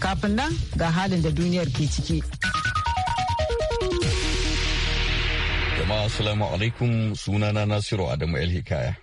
Kafin nan ga halin da duniyar ke ciki. Jama'a Assalamu alaikum sunana Nasiru Adamu El Hikaya.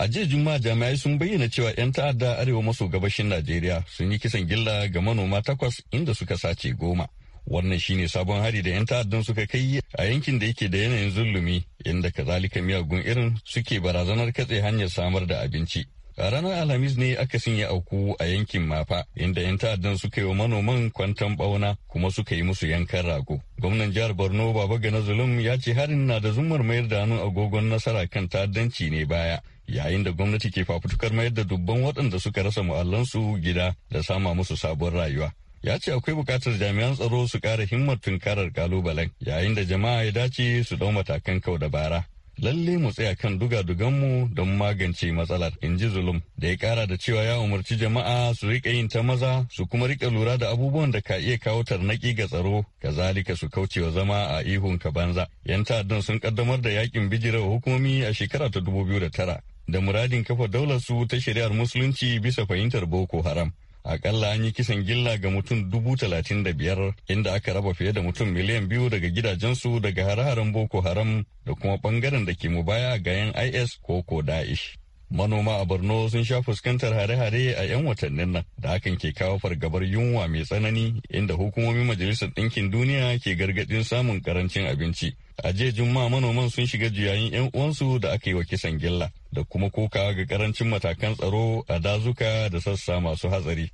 A jiya Juma'a jami'ai sun bayyana cewa 'yan ta'adda arewa maso gabashin Najeriya sun yi kisan gilla ga manoma takwas inda suka sace goma. Wannan shine sabon hari da 'yan ta'addan suka kai a yankin da yake da yanayin zulumi inda kazalika miyagun irin suke barazanar katse hanyar samar da abinci. A ranar Alhamis ne aka ya auku a yankin Mafa, inda 'yan ta'addan suka yi wa manoman kwantan bauna kuma suka yi musu yankan rago. Gwamnan jihar Borno Baba Gana Zulum ya ce harin na da zumar mayar da hannu agogon nasara kan ta'addanci ne baya. Yayin da gwamnati ke fafutukar mayar da dubban waɗanda suka rasa mu'allansu gida da sama musu sabon rayuwa. ya ce akwai bukatar jami'an tsaro su ƙara himmar tunkarar kalubalen yayin da jama'a ya dace su dau matakan kau da bara lalle mu tsaya kan duga-duganmu don magance matsalar in ji zulum da ya kara da cewa ya umarci jama'a su rika yin ta maza su kuma rika lura da abubuwan da ka iya kawo tarnaki ga tsaro kazalika su kaucewa zama a ihun ka banza yan ta'addan sun kaddamar da yakin wa hukumomi a shekara ta 2009 da muradin kafa daular su ta shari'ar musulunci bisa fahimtar boko haram akalla an yi kisan gilla ga mutum dubu talatin da biyar inda aka raba fiye da mutum miliyan biyu daga gidajensu daga hare-haren boko haram da kuma bangaren da ke mubaya ga yan is ko ko da'ish manoma a borno sun sha fuskantar hare-hare a 'yan watannin nan da hakan ke kawo fargabar yunwa mai tsanani inda hukumomin majalisar ɗinkin duniya ke gargaɗin samun karancin abinci a jiya juma'a manoman sun shiga juyayin 'yan uwansu da aka yi wa kisan gilla da kuma kuka ga karancin matakan tsaro a dazuka da sassa masu hatsari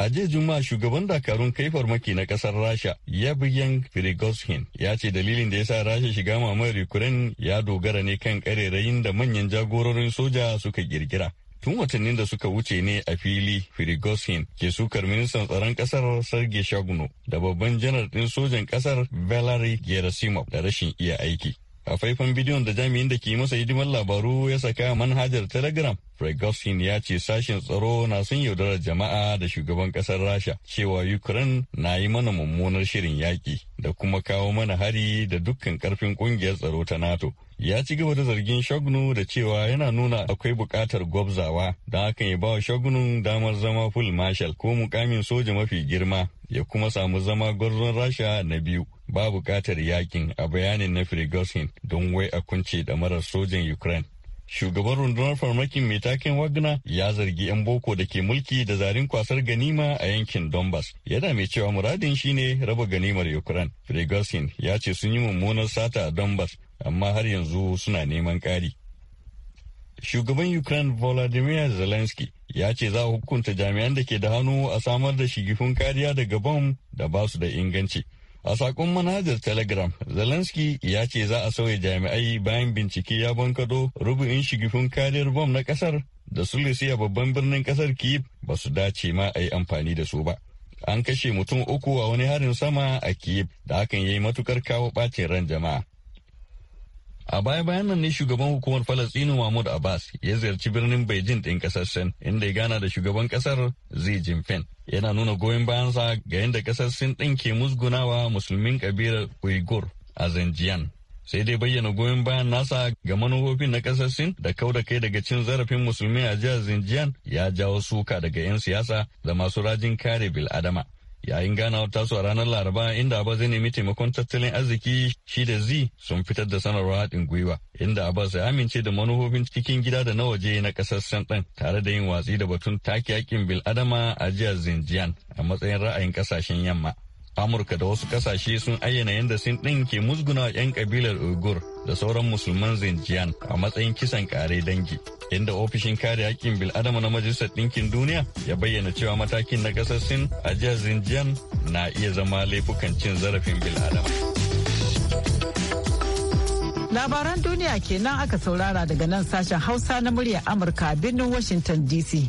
A jiya Juma'a shugaban dakarun kai farmaki na kasar Rasha yabiyan firigoshin ya ce dalilin da ya sa Rasha shiga mamayar Ukraine ya dogara ne kan karerayin da manyan jagororin soja suka girgira. Tun watannin da suka wuce ne a fili firigoshin ke sukar ministan tsaron kasar Sergei Shagunov da babban janar ɗin sojan kasar Valery Gerasimov da rashin iya aiki. A faifan bidiyon da jami'in da ke masa hidimar labaru ya saka manhajar Telegram, Fred ya ce sashen tsaro na sun yaudarar jama'a da shugaban ƙasar Rasha cewa Ukraine na yi mana mummunar shirin yaƙi da kuma kawo mana hari da dukkan karfin ƙungiyar tsaro ta NATO. ya ci gaba da zargin shagunu da cewa yana nuna akwai buƙatar gwabzawa don hakan ya bawa shagunun damar zama full marshal ko mukamin soja mafi girma ya kuma samu zama gwarzon rasha na biyu ba buƙatar yakin a bayanin na Prigozhin don wai a kunce da marar sojan Ukraine. Shugaban rundunar farmakin mai taken Wagner ya zargi 'yan boko da ke mulki da zarin kwasar ganima a yankin Donbass. Yana mai cewa muradin shine raba ganimar Ukraine. Prigozhin ya ce sun yi mummunar sata a Donbass amma har yanzu suna neman ƙari. Shugaban Ukraine Volodymyr Zelensky ya ce za a hukunta jami'an da ke da hannu a samar da shigifin kariya daga bom da ba su da inganci. A saƙon manhajar Telegram, Zelensky ya ce za a sauya jami'ai bayan bincike ya bankado rubu'in shigifin kariyar bom na ƙasar da a babban birnin ƙasar Kyiv ba su dace ma a yi amfani da su ba. An kashe mutum uku a wani harin sama a Kyiv da hakan ya yi matukar kawo ɓacin ran jama'a. A baya bayan nan ne shugaban hukumar Falastinu Mahmud Abbas ya ziyarci birnin Beijing ɗin ƙasar Sin inda ya gana da shugaban ƙasar Xi Jinping. Yana nuna goyon bayansa ga yadda ƙasar Sin ɗin ke musgunawa musulmin ƙabilar Uyghur a Zanjiyan. Sai dai bayyana goyon bayan nasa ga manufofin na ƙasar Sin da kau da kai daga cin zarafin musulmi a jihar Zanjiyan ya jawo suka daga 'yan siyasa da masu rajin kare bil'adama. yayin ganawa tasu a ranar laraba inda abbas zai nemi taimakon tattalin arziki shi da z sun fitar da sanarwar haɗin gwiwa inda abbas ya amince da manufofin cikin gida da na waje na ƙasar ɗan tare da yin watsi da batun take yakin bil'adama a jihar zinjiyan a matsayin ra'ayin ƙasashen yamma amurka da wasu kasashe sun ayyana yadda sin ɗin ke musguna 'yan kabilar uighur da sauran musulman zinjiyan a matsayin kisan kare dangi inda ofishin kare haƙƙin bil'adama na majalisar ɗinkin duniya ya bayyana cewa matakin na ƙasar sin a jihar zinjiyan na iya zama laifukan cin zarafin bil'adama labaran duniya kenan aka saurara daga nan sashen hausa na muryar amurka a birnin washington dc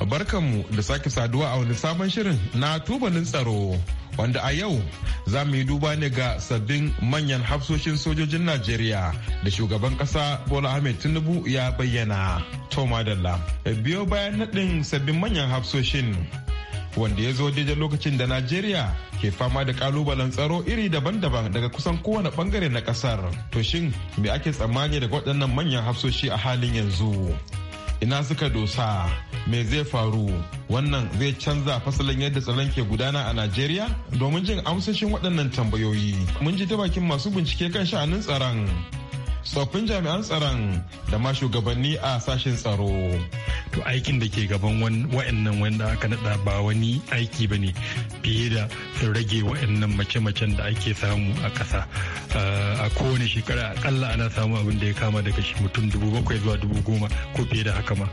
barkanmu da sake saduwa a wani sabon shirin na tubalin tsaro wanda a yau za mu yi duba ne ga sabbin manyan hafsoshin sojojin najeriya da shugaban kasa bola ahmed tinubu ya bayyana toma dalla biyo bayan naɗin sabbin manyan hafsoshin wanda ya zo daidai lokacin da Najeriya ke fama da kalubalen tsaro iri daban-daban daga kusan kowane bangare na kasar. To shin me ake tsammani daga waɗannan manyan hafsoshi a halin yanzu? ina suka dosa me zai faru wannan zai canza fasalin yadda tsaron ke gudana a najeriya domin jin amsoshin waɗannan tambayoyi mun ji ta bakin masu bincike kan sha'anin tsaron tsoffin jami'an tsaron da ma shugabanni a sashen tsaro. To aikin da ke gaban wa'annan wanda aka naɗa ba wani aiki ba ne fiye da su rage wa'annan mace-macen da ake samu a ƙasa. Ah, a kowane shekara akalla ana samu abin da ya kama daga shi mutum dubu bakwai zuwa dubu goma ko fiye da haka ma.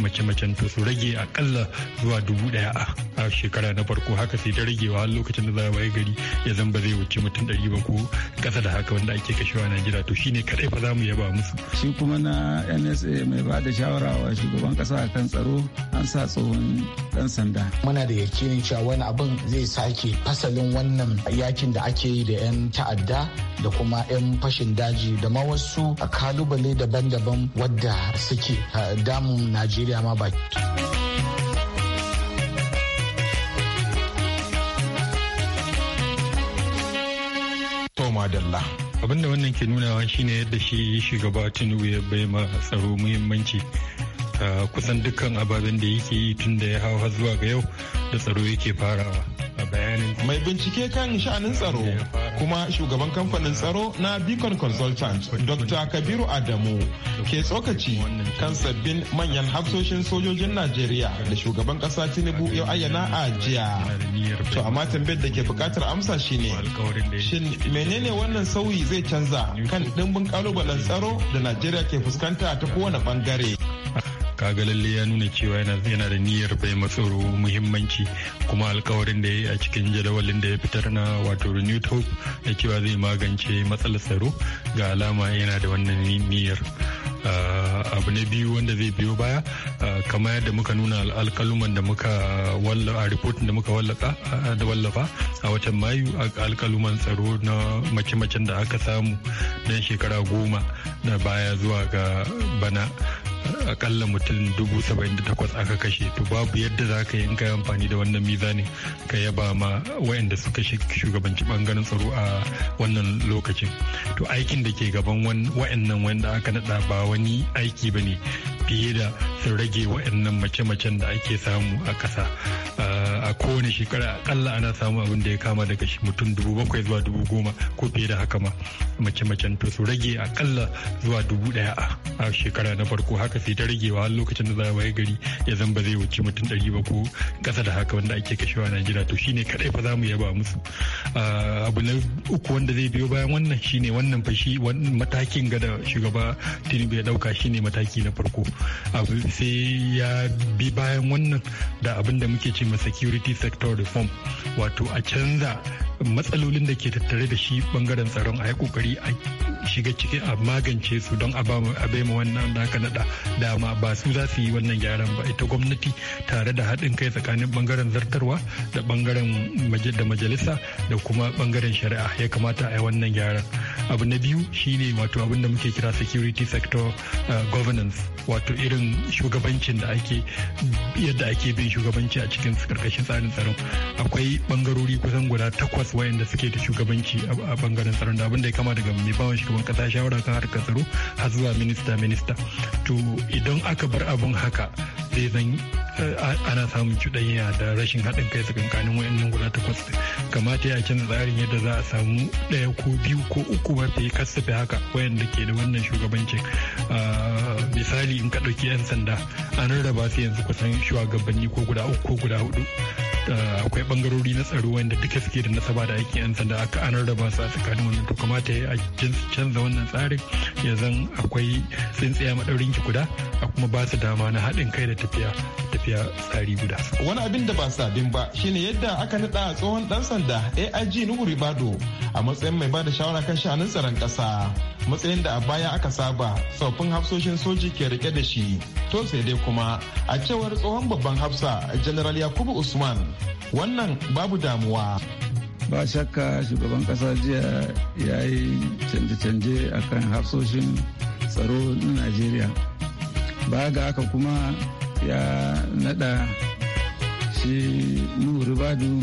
mace-macen to su rage akalla zuwa dubu daya a shekara na farko haka sai ta ragewa har lokacin da za a waye gari ya zan zai wuce mutum ɗari ba ko ƙasa da haka wanda ake kashewa a Najeriya to shine kaɗai fa za mu yaba musu. Shi kuma na NSA mai ba da shawara wa shugaban ƙasa kan tsaro an sa tsohon ɗan sanda. Muna da yakinin cewa wani abin zai sake fasalin wannan yakin da ake yi da 'yan ta'adda da kuma 'yan fashin daji da ma wasu kalubale daban-daban wadda suke damun Najeriya. najeriya ma baki Toma Dalla. abin da wannan ke nuna shi ne yadda shi shugaba tinubu ya bai ma tsaro muhimmanci ah, kusan dukkan ababen da yake yi tun da ya hau har zuwa ga yau da tsaro yake farawa bayanin mai bincike kan sha'anin tsaro kuma shugaban kamfanin tsaro na Beacon Consultant Dr. Kabiru Adamu ke tsokaci kan sabbin manyan hafsoshin sojojin Najeriya da shugaban kasa Tinubu ya ayyana a jiya. To amma tambayar da ke bukatar amsa shine shin menene wannan sauyi zai canza kan dimbin kalubalen tsaro da Najeriya ke fuskanta ta kowane bangare. kaga lalle ya nuna cewa yana da niyyar bai matsoro muhimmanci kuma alkawarin da ya yi a cikin jadawalin da ya fitar na wato renewed hope da cewa zai magance matsalar tsaro ga alama yana da wannan niyyar ah, abu na biyu wanda zai biyo baya ah, kama yadda muka nuna alkaluman da muka wallafa a da muka ah, wallafa a watan mayu alkaluman tsaro na mace-macen da aka samu na shekara goma na baya zuwa ga bana akalla mutum dubu saba'in da takwas aka kashe to babu yadda za ka yi in ka yi amfani da wannan mizanin ka yaba ma wayanda suka shugabanci bangaren tsaro a wannan lokacin to aikin da ke gaban wayannan wanda aka nada ba wani aiki ba ne fiye da su rage wayannan mace-macen da ake samu a ƙasa ah, a kowane shekara akalla ana samu abin da ya kama daga mutum dubu bakwai zuwa dubu goma ko fiye da haka ma mace-macen to su rage akalla zuwa dubu daya a shekara na farko haka sai ta ragewa har lokacin da za a waye gari ya zan ba zai wuce mutum ɗari ba ko ƙasa da haka wanda ake kashewa na Najeriya to shine kadai fa za mu yaba musu abu na uku wanda zai biyo bayan wannan shine wannan shi matakin ga da shugaba Tinubu ya dauka shine mataki na farko abu sai ya bi bayan wannan da abin da muke ce masa security security sector reform wato a canza matsalolin da ke tattare da shi bangaren tsaron a yi kokari a shiga ciki a magance su don a bai ma wannan da aka nada dama ba su za su yi wannan gyaran ba ita gwamnati tare da haɗin kai tsakanin bangaren zartarwa da bangaren da majalisa da kuma bangaren shari'a ya kamata a yi wannan gyaran abu na biyu shine wato abin da muke kira security sector uh, governance wato irin shugabancin da ake yadda ake bin shugabanci a cikin karkashin tsarin tsaron akwai bangarori kusan guda takwas su da suke da shugabanci a bangaren tsaron da abin da ya kama daga mai bawan shugaban kasa shawara kan harkar tsaro har zuwa minista minista to idan aka bar abin haka zai zan eh, ana samun cuɗanya da rashin haɗin kai tsakankanin wayannan guda takwas kamata ya canza tsarin yadda za a samu ɗaya ko biyu ko uku yi kasafe haka wayanda ke da wannan shugabancin ah, misali in ka ɗauki 'yan sanda an rarraba su yanzu kusan shugabanni ko guda uku ko guda hudu Eh, akwai bangarori na tsaro wanda duka suke da nasaba da aikin 'yan sanda aka anar rarraba su a tsakanin wannan to kamata ya canza wannan tsarin ya zan akwai tsintsiya maɗaurin ki guda a kuma ba su dama na haɗin kai da tafiya lafiya tsari guda. Wani abin da ba sabin ba shine yadda aka naɗa tsohon dan sanda AIG Nuhu Ribado a matsayin mai bada shawara kan shanun tsaron kasa Matsayin da a baya aka saba tsoffin hafsoshin soji ke rike da shi. To sai dai kuma a cewar tsohon babban hafsa General Yakubu Usman wannan babu damuwa. ba shakka shugaban kasa jiya ya yi canje-canje akan hafsoshin tsaro na najeriya baya ga aka kuma ya nada shi nuhu badu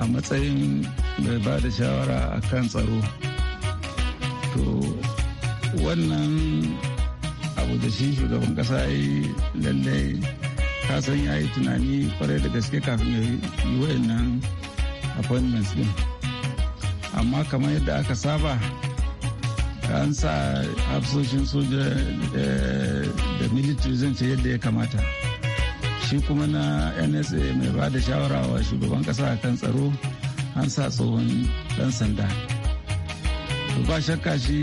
a matsayin mai ba da shawara a kan tsaro to wannan abu da shi shugaban kasa yi lallai kasan ya yi tunani kwarai da gaske kafin ya yi a fannin din amma kamar yadda aka saba an sa hafsoshin soja da military zan ce yadda ya kamata shi kuma na nsa mai ba da shawara wa shugaban kasa kan tsaro an sa tsohon dan sanda ba shakka shi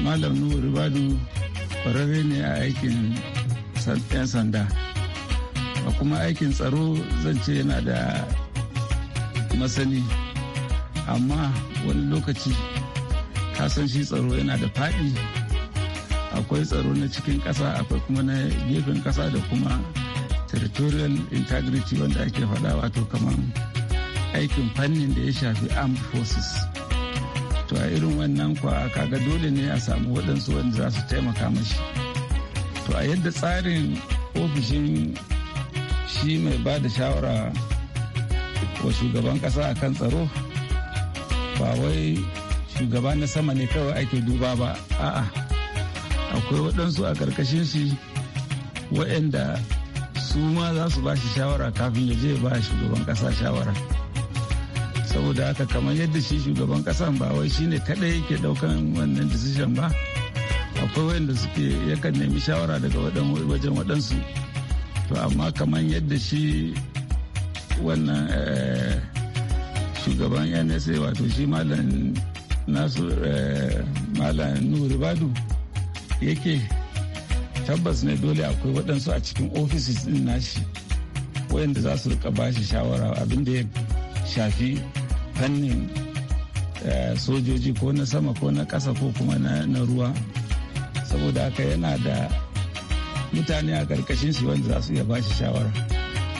malam nuhu ribadu kwararre ne a aikin 'yan sanda a kuma aikin tsaro zan ce yana da masani amma wani lokaci San shi tsaro yana da faɗi akwai tsaro na cikin ƙasa akwai kuma na gefen ƙasa da kuma territorial integrity wanda ake faɗa wato kamar aikin fannin da ya shafi armed forces to a irin wannan kwa kaga dole ne a samu waɗansu wanda za su taimaka mashi to a yadda tsarin ofishin shi mai ba da shawara wa shugaban ƙasa a kan tsaro ba wai shugaba na sama ne kawai ake duba ba a'a akwai waɗansu a ƙarƙashin shi waɗanda su ma za su ba shi shawara kafin ya je ba shugaban ƙasa shawara saboda haka kamar yadda shi shugaban ƙasan ba wai shine kaɗai yake ɗaukan wannan decision ba akwai waɗanda suke yakan nemi shawara daga wajen waɗansu to amma kamar yadda shi wannan eh, shugaban nsa wato shi malam nasu eh, malam nuri badu yake tabbas ne dole akwai waɗansu a cikin ofisis din nashi wayanda za su rika ba shi shawara abin da ya shafi fannin eh, sojoji ko na sama ko na ƙasa ko kuma na ruwa saboda haka yana da mutane a ƙarƙashin shi wanda za su iya ba shi shawara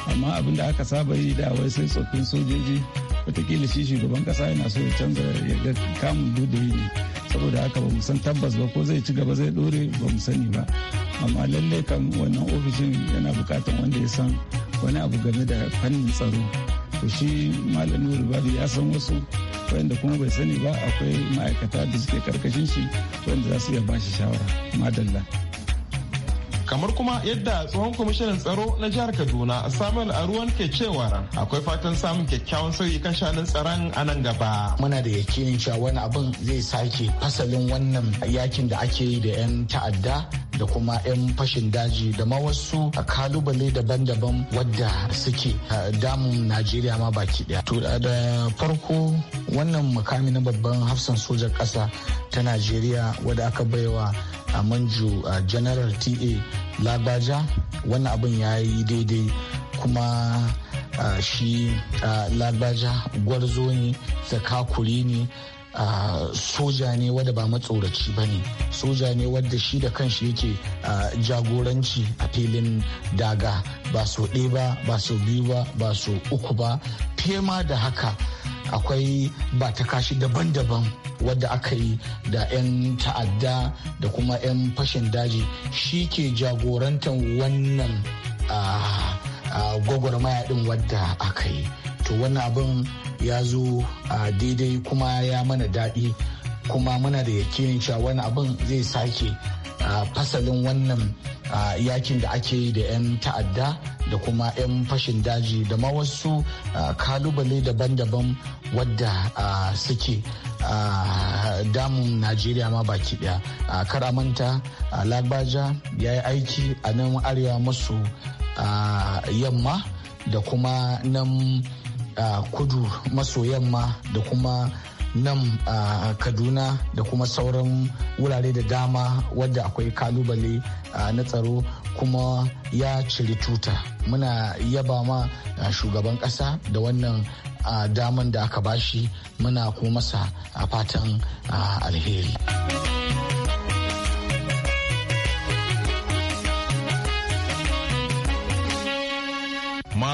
amma abin da aka saba yi da wai sai tsoffin sojoji watakila shi shugaban kasa yana so ya canza ya kamun dudu ne saboda haka ba mu san tabbas ba ko zai ci gaba zai dore ba mu sani ba amma lalle kan wannan ofishin yana bukatan wanda ya san wani abu game da fannin tsaro to shi malam nuru ya san wasu wanda kuma bai sani ba akwai ma'aikata da suke karkashin shi wanda za su iya shi shawara madalla kamar kuma yadda tsohon kwamishinan tsaro na jihar kaduna samuel aruwan ke cewa akwai fatan samun kyakkyawan sauyi kan shanun tsaron a nan gaba muna da yakinin cewa wani abin zai sake fasalin wannan yakin da ake yi da 'yan ta'adda da kuma 'yan fashin daji da ma wasu kalubale daban-daban wadda suke damun najeriya ma baki ɗaya. to da farko wannan mukami na babban hafsan sojan kasa ta najeriya wadda aka baiwa a manju general ta lagbaja wannan abin ya yi daidai kuma ah, shi ah, lagbaja gwarzo ne zakakuri ne a soja ne wadda ba matsoraci ba ne soja ne wadda shi da kanshi yake jagoranci a filin daga ba so ɗaya ba ba so biyu ba ba so uku ba fiye ma da haka akwai ba ta kashi daban-daban wadda aka yi da 'yan ta'adda da kuma 'yan fashin daji shi ke jagorantar wannan gwagwarmaya din wadda aka yi to wannan abin ya zo a daidai kuma ya mana daɗi kuma muna da yakinin cewa wani abin zai sake a fasalin wannan yakin da ake yi da 'yan ta'adda da kuma 'yan fashin daji da ma wasu kalubale daban-daban wadda suke damun najeriya ma baki daya kar manta lagbaja ya yi aiki a nan arewa masu yamma da kuma nan a kudu maso yamma da kuma nan a kaduna da kuma sauran wurare da dama wadda akwai kalubale na tsaro kuma ya cire tuta muna yaba ma shugaban kasa da wannan daman da aka bashi muna kuma masa a fatan alheri.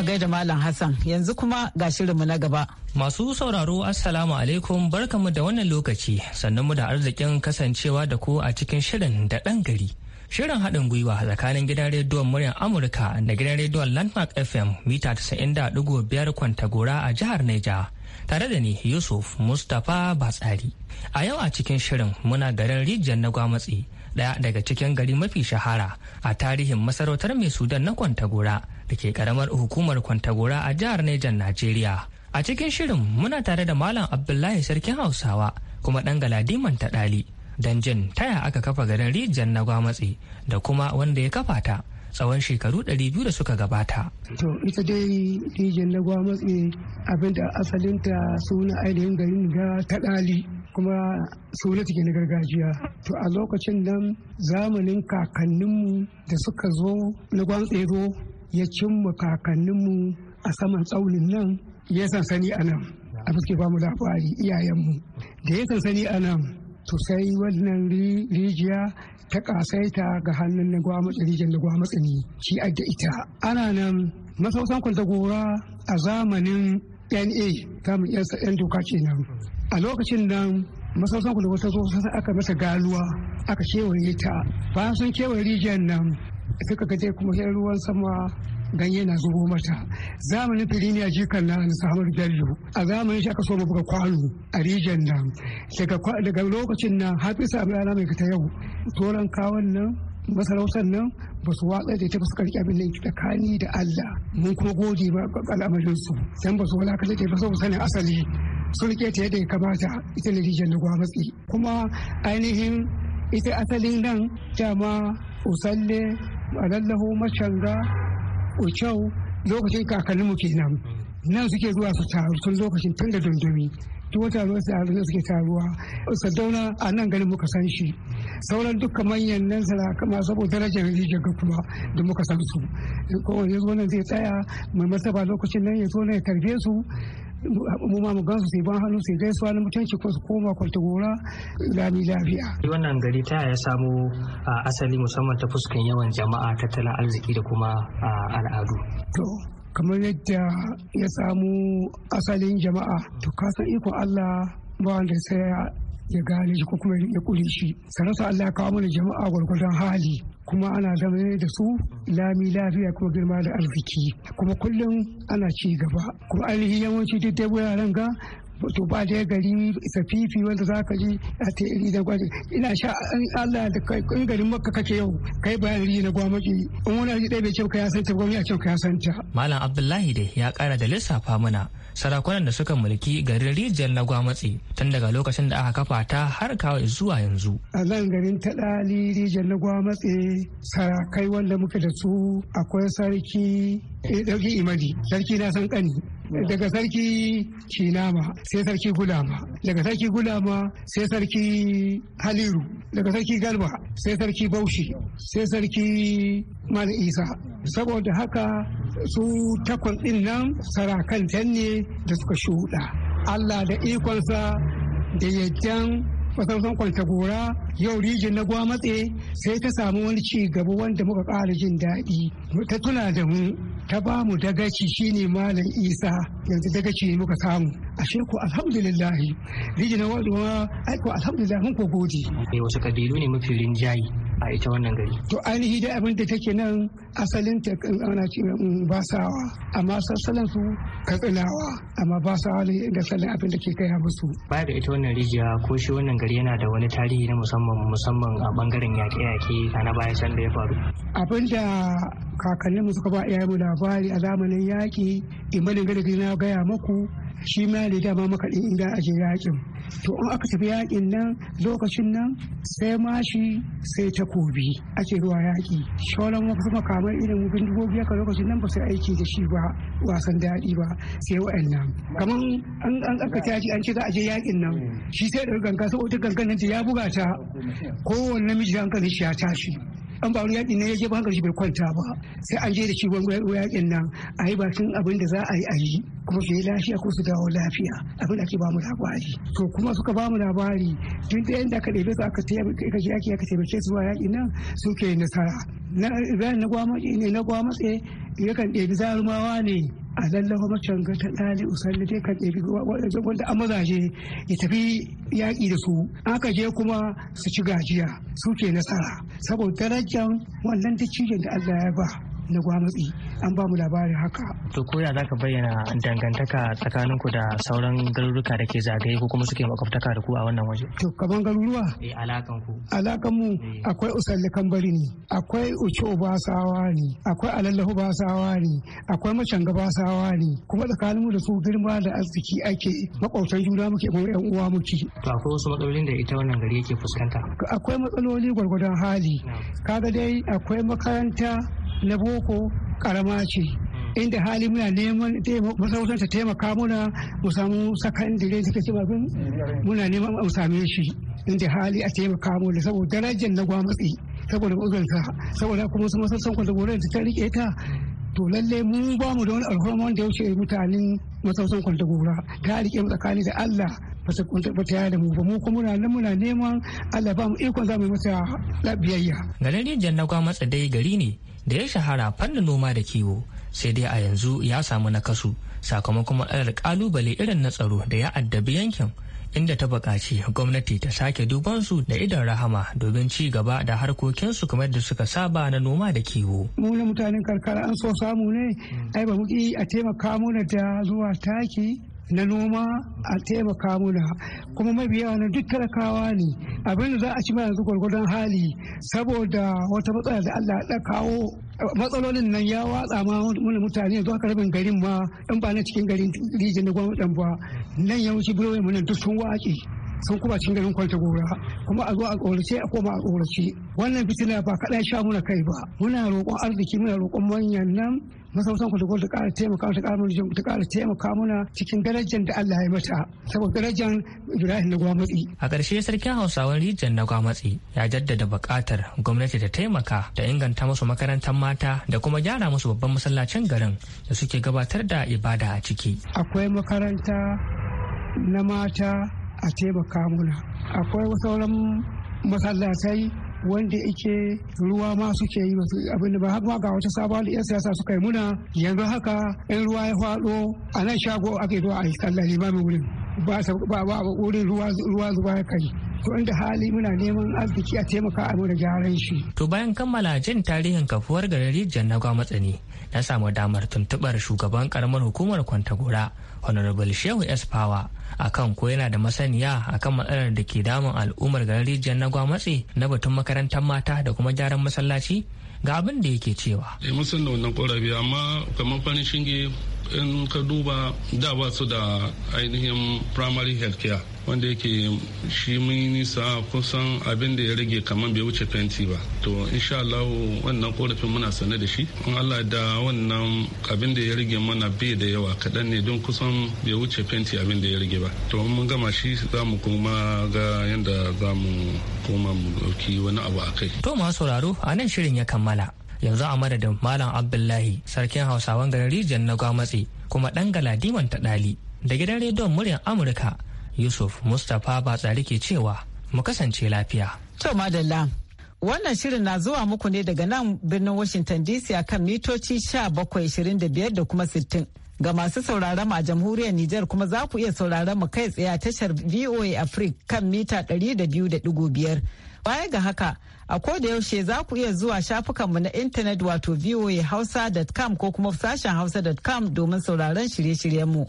a gaida Malam Hassan yanzu kuma ga shirinmu na gaba. Masu sauraro Assalamu alaikum barkamu da wannan lokaci sannan mu da arzikin kasancewa da ku a cikin shirin da ɗan gari. Shirin haɗin gwiwa tsakanin gidan rediyon muryar Amurka da gidan rediyon Landmark FM mita da 90.5 Kwantagora a jihar Neja. Tare da ni Yusuf Mustapha Batsari. A yau a cikin shirin muna garin rijiyar na gwamatsi ɗaya daga cikin gari mafi shahara a tarihin masarautar mai Sudan na Kwantagora. da ke karamar hukumar Kwantagora a jihar Nejan Najeriya. A cikin shirin muna tare da Malam Abdullahi Sarkin Hausawa kuma ɗan galadiman ta ɗali don jin taya aka kafa garin rijiyar na Matsi da kuma wanda ya kafa ta tsawon shekaru ɗari biyu da suka gabata. To ita dai rijiyar na Matsi abinda asalinta suna ainihin garin ga ta ɗali. kuma suna take na gargajiya to a lokacin nan zamanin kakanninmu da suka zo na zo ya cimma kakanninmu a saman tsaunin nan ya sansani a nan a fuske ba mu labari iyayenmu da ya sansani a nan to sai wannan rijiya ta kasaita ga hannun na gwamnati rijiyar na gwamnati shi da ita ana nan masausan gora a zamanin na kamun yan doka kenan a lokacin nan masausan gora ta zo aka masa galuwa aka kewaye ta bayan sun kewaye rijiyar nan suka kaje kuma sai ruwan sama ganye na zubo mata zamanin firiniya jikan na samar jallo a zamanin shi aka so buga kwano a rijiyar nan daga lokacin nan hafisa rana mai fita yau toron kawon nan masarautar nan ba su watsa da ta ba su karki abin da kani da Allah mun ko gode ba al'amarin su dan ba su walakata da ba su sani asali sun rike ta yadda ya kamata ita ne rijiyar gwamnati kuma ainihin ita asalin nan dama usalle alallahu mashanga ucau lokacin kakanninmu kenan nan suke zuwa su taru tun lokacin tun da dundumi duk wata ruwa su suke taruwa sadauna a nan ganin muka san shi sauran dukkan manyan nan kama saboda darajar ga kuma da muka san su kowane zo nan zai tsaya mai masaba lokacin nan ya zo na ya karbe su mu ma mu gansu sai ban hannu sai gaisuwa na mutunci ko su koma kwalta gora lami lafiya. wannan gari ta ya samu asali musamman ta fuskan yawan jama'a tattalin arziki da kuma al'adu. to kamar yadda ya samu asalin jama'a to kasan ikon Allah ba wanda sai ya gane shi ko kuma ya kure shi sarasa Allah ya kawo mana jama'a gwargwadon hali kuma ana zama ne da su lami lafiya kuma girma da arziki kuma kullum ana ci gaba kuma ainihin yawanci duk dai ga to ba dai gari safifi wanda za ka ji a ta da gwaji ina sha an Allah da kai in garin makka kake yau kai bayan iri na gwamnati in wani ji dai bai ce ka ya san ta gwamnati a ce ka ya san ta malam abdullahi dai ya kara da lissafa mana sarakunan da suka mulki garin rijiyar na gwamatsi tun daga lokacin da aka kafa ta har kawai zuwa yanzu. A nan garin taɗali rijiyar na gwamatsi sarakai wanda muke da su akwai sarki ɗauki eh, imadi sarki na san ƙani daga sarki shinama sai sarki gulama daga sarki gulama sai sarki haliru daga sarki galba sai sarki baushi sai sarki mala isa saboda haka su takwas ɗin nan sarakantan ne da suka shuɗa allah da ikonsa da yaddan fasansan kwanta gora yau rijin na gwamatse sai ta samu wani ci gaba wanda muka ƙara jin daɗi ta tuna da mu ta ba mu dagaci ne malam isa yanzu dagaci ne muka samu ashe ko alhamdulillahi rijina wadda wa aiko alhamdulillahi mun ko wasu kabilu ne mafi rinjayi a ita wannan gari. To ainihi da abin da take nan asalin ta ana ce mm, basawa amma sassalan su katsinawa amma basawa ne da sallan abin da ke kai musu. Ba da ita wannan rijiya ko shi wannan gari yana da wani tarihi na musamman musamman a bangaren yaƙe-yaƙe a na baya san da ya faru. Abin da kakanninmu suka ba iyayenmu labari a zamanin yaƙi imalin gari na gaya muku shi ma da dama makaɗi in za a je yaƙin to in aka tafi yaƙin nan lokacin nan sai mashi sai takobi ake zuwa yaƙi shauran wasu makamai irin biyar ka lokacin nan ba su aiki da shi ba wasan daɗi ba sai wa'annan kamar an aka tashi an ce za a je yaƙin nan shi sai da ganka saboda gangan nan ya buga ta kowanne namiji da hankalin shi ya tashi an ba wani yaƙi ya je ba bai kwanta ba sai an je da shi wani yaƙin nan a yi bakin abin da za a yi a yi kuma su yi lafiya ko su dawo lafiya abin da ake ba mu labari to kuma suka ba mu labari tun da yadda aka ɗebe su aka taimake su zuwa yaƙi nan suke nasara na gwamnati ne na gwamnati yakan ɗebi zarumawa ne a lallafa macen ga ta ɗali usalli ta kan ɗebi wanda an mazaje ya tafi yaƙi da su aka je kuma su ci gajiya su ke nasara saboda darajar wannan dattijan da Allah ya ba na gwamnati an ba mu labarin haka to ko ya zaka bayyana dangantaka tsakanin ku da sauran garuruka da ke zagaye ko kuma suke makwabtaka da ku a wannan waje to kaman garuruwa eh alakan ku alakan mu eh. akwai usalle kambari ne akwai uce obasawa ne akwai alallahu basawa ne akwai macanga basawa ne kuma tsakanin mu da su girma da arziki ake makwabtan juna muke mu yan uwa muke to akwai wasu matsalolin da ita wannan gari yake fuskanta akwai matsaloli gwargwadon hali kaga dai akwai makaranta na boko karama ce hmm. inda hali muna neman masarautar ta taimaka muna mu samu sakan da dai suka ce muna neman mu same shi inda hali a taimaka muna saboda darajar na gwamnati saboda ugansa saboda kuma su masassan kwalagwarar da ta rike ta to lalle mu ba mu da wani alhorma wanda ya wuce mutanen masausan gora ta rike tsakani da Allah ba ta yada mu ba mu kuma muna nan muna neman Allah ba mu ikon za mu yi masa biyayya. Garin rijiyar na dai gari ne da ya shahara fannin noma da kiwo sai dai a yanzu ya samu nakasu sakamakon matsalar kalubale irin na tsaro da ya addabi yankin inda ta buƙaci gwamnati ta sake dubansu da idan rahama domin ci gaba da harkokinsu kamar da suka saba na noma da kiwo. mu ne mutanen karkara an so samu ne ai ba muki a taimaka mu da zuwa taki na noma a taimaka muna kuma mabiya na duk talakawa ne abinda za a ci mana yanzu gwargwadon hali saboda wata matsala da Allah ya kawo matsalolin nan ya watsa ma wani mutane zuwa karamin garin ma in ba na cikin garin rijin da gwamnatin ba nan yawanci bulowe mu nan duk sun waki sun kuma cikin garin kwanta gora kuma a zo a tsorace a koma a tsorace wannan fitina ba kaɗai sha muna kai ba muna roƙon arziki muna roƙon manyan nan masarautar ku da ta ƙara taimaka ta ƙara mana ta ƙara taimaka mana cikin darajar da Allah ya mata saboda darajar Ibrahim na Gwamatsi. A ƙarshe sarkin Hausawan Rijiyar na Gwamatsi ya jaddada buƙatar gwamnati ta taimaka da inganta musu makarantar mata da kuma gyara musu babban masallacin garin da suke gabatar da ibada a ciki. Akwai makaranta na mata a taimaka muna. Akwai sauran masallatai wanda yake ruwa ma suke yi abin ba haka ga wata sabuwar yan siyasa suka yi muna yanzu haka in ruwa ya faɗo a nan shago ake zuwa a yi sallah limamin wurin ba ba wurin ruwa zuba ya kai to inda hali muna neman arziki a taimaka a da gyaran shi. To bayan kammala jin tarihin kafuwar gari rijiyar na matsani na samu damar tuntubar shugaban karamar hukumar Kwantagora Honorable Shehu S. Power akan ko yana da masaniya akan matsalar da ke damun al'ummar garin rijiyar na gwamnati na batun makarantar mata da kuma gyaran masallaci ga abin da yake cewa. Eh mun san da wannan korafi amma kamar farin shinge in ka duba da ba su da ainihin primary health care wanda yake shi mun nisa kusan abin da ya rage kamar bai wuce fenti ba to insha Allah wannan korafin muna sane da shi in Allah da wannan abin da ya rage mana bai da yawa kaɗan ne don kusan bai wuce fenti abin da ya rage ba to mun gama shi za mu kuma ga yadda za mu koma mu ɗauki wani abu a kai to masu sauraro a nan shirin ya kammala yanzu a madadin malam abdullahi sarkin hausawan garin rijiyar na gwamatse kuma ɗan galadiman ta dali da gidan rediyon muryar amurka yusuf mustapha batsari ke cewa mu kasance lafiya. to madalla wannan shirin na zuwa muku ne daga nan birnin washington dc a kan mitoci 1725 da kuma sittin ga masu sauraron mu a jamhuriyar niger kuma za ku iya sauraron mu kai tsaye a tashar voa africa kan mita da da biyu 200.5 baya ga haka A ko da yaushe za ku iya zuwa shafukanmu na intanet wato hausa.com ko kuma sashen hausa.com domin sauraron shirye-shiryenmu.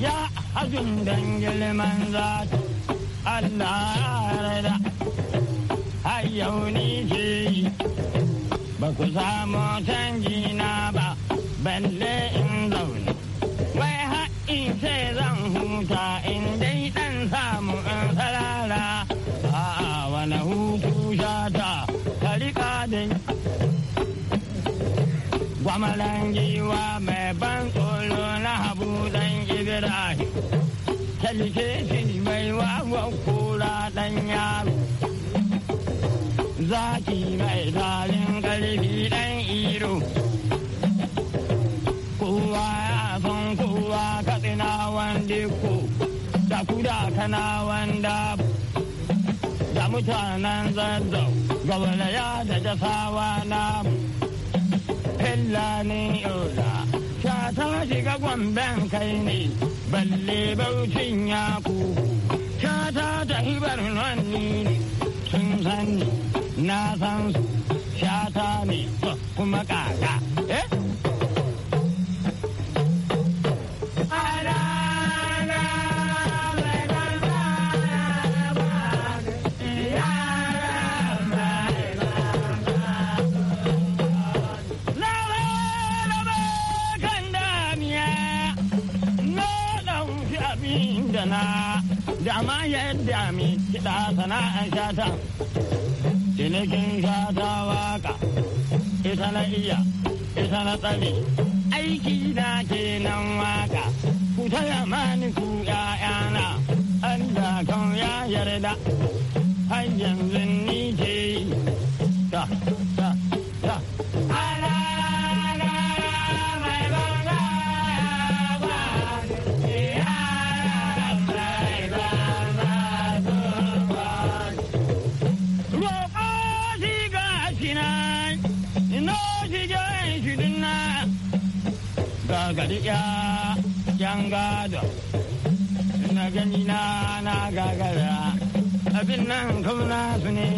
Ya hajjin dangin Allah Yau ni ke yi ba ku samu canji na ba balle in zaune wai haƙi ce zan huta in dai ɗan samu in sarara a wani hutu shata kari dai gwamalan giwa mai ban tsoro na habu dan ibrahim talike shi mai wawan kura dan yaro zaki mai zalin karfi dan iro kowa ya san kowa katsina wanda ko da kuda kana wanda da mutanen zazzau ya da jasawa na ni yola sha ta shiga gwamben kai ne balle baucin yaku sha ta hibar nan ne sun sani na san shata ne kuma kaka eh sana'an shata cinikin shata waka ita na iya ita na tsare aiki na kenan waka ku taya mani yayana an da kan ya yarda har yanzu ni gado na gani na na gagara abin nan kauna su ne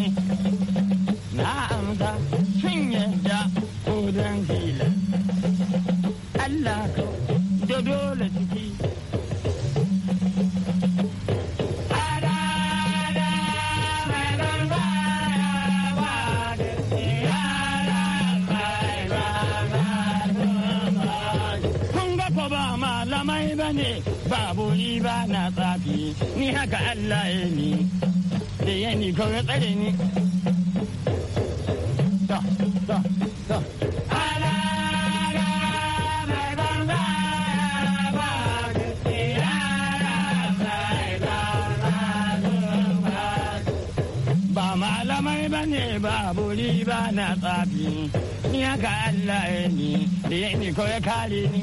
na amsa sun yadda ko don kila Allah ka dole ciki ba ne ba bori ba na tsafi ni haka Allah ya ni da ya ni kawai tsare ni. malamai ba ne ba bori ba na tsafi ni haka Allah ya ni da ya ni kawai kare ni.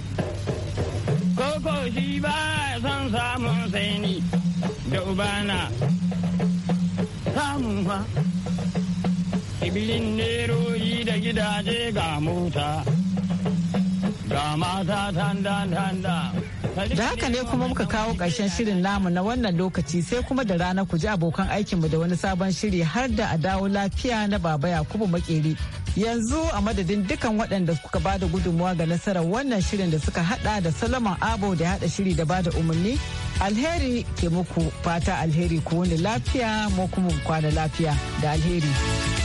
shi ba son samun sai ni da ubana samun fa ibilin neroyi da gidaje ga mota ga mata tanda tanda da haka ne kuma muka kawo ƙarshen shirin namu na wannan lokaci sai kuma da rana ku ji abokan aikinmu da wani sabon shiri har da a dawo lafiya na baba yakubu makeri yanzu a madadin dukan waɗanda suka ba da gudunmuwa ga nasarar wannan shirin da suka hada da salaman abo da hada shiri da ba da umarni alheri ke muku fata alheri ku wani lafiya mu kuma kwana lafiya da alheri.